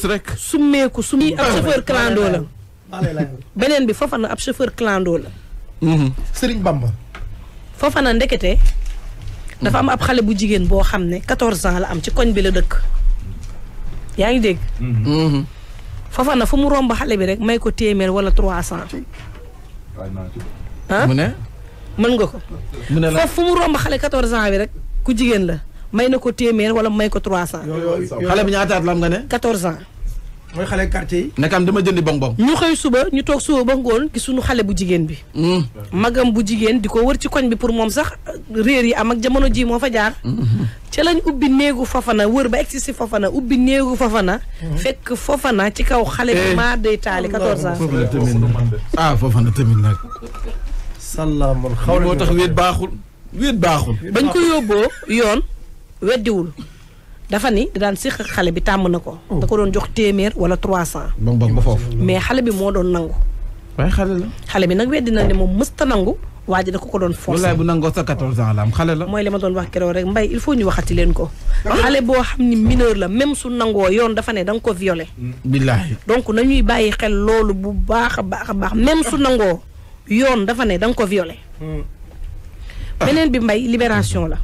gis rek. summeeku summi ab ah. chauffeur clando la. beneen bi Fofana ab chauffeur clando la. Mhm. Serigne Bamba. Fofana ndekete. dafa am ab xale bu jigéen boo xam ne 14 ans la am ci koñ bi la dëkk. yaa ngi dégg. Mhm. Fofana fu mu romb xale bi rek may ko téeméer wala 300. ah mu mën nga ko. mu ne la foofu fu mu romb xale 14 ans bi rek ku jigéen la. may na ko téeméer wala may ko 300. xale bi ñaata at la am nga ne. 14 ans. mooy xale quartier yi. nekkam dama jëndi bong bong. ñu xëy suba ñu toog suba ba ngoon gis suñu xale bu jigéen bi. Mm. magam bu jigéen di ko wër ci koñ bi pour moom sax réer yi am ak jamono ji moo fa jaar. Mm-hmm. ca lañ ubbi néegu Fofana wër ba egsi si Fofana ubbi néegu Fofana. Mm-hmm. fekk Fofana ci kaw xale bi eh. maa day taali 14 ans. ah Fofana tamit nag. Ah, salaamaaleykum moo tax wéet baaxul wéet baaxul. bañ ko yóbboo yoon. weddiwul dafa ni daan siq xale bi tàmm na ko. Oh. da ko doon jox téeméer wala 300. ba ba foofu mais xale bi moo doon nangu. waaye xale la. xale bi nag weddi na ne moom mësta nangu. waa ji da ko ko doon forcer wallaay bu nangoo sa 14 ans la am xale la. mooy li ma doon wax keroog rek mbay il faut ñu waxati leen ko. xale boo xam ni mineur la même su nangoo yoon dafa ne da nga ko violé. donc nañuy bàyyi xel loolu bu baax baax a baax même nangoo yoon dafa ne da nga ko violé. Hmm. beneen bi mbay libération la.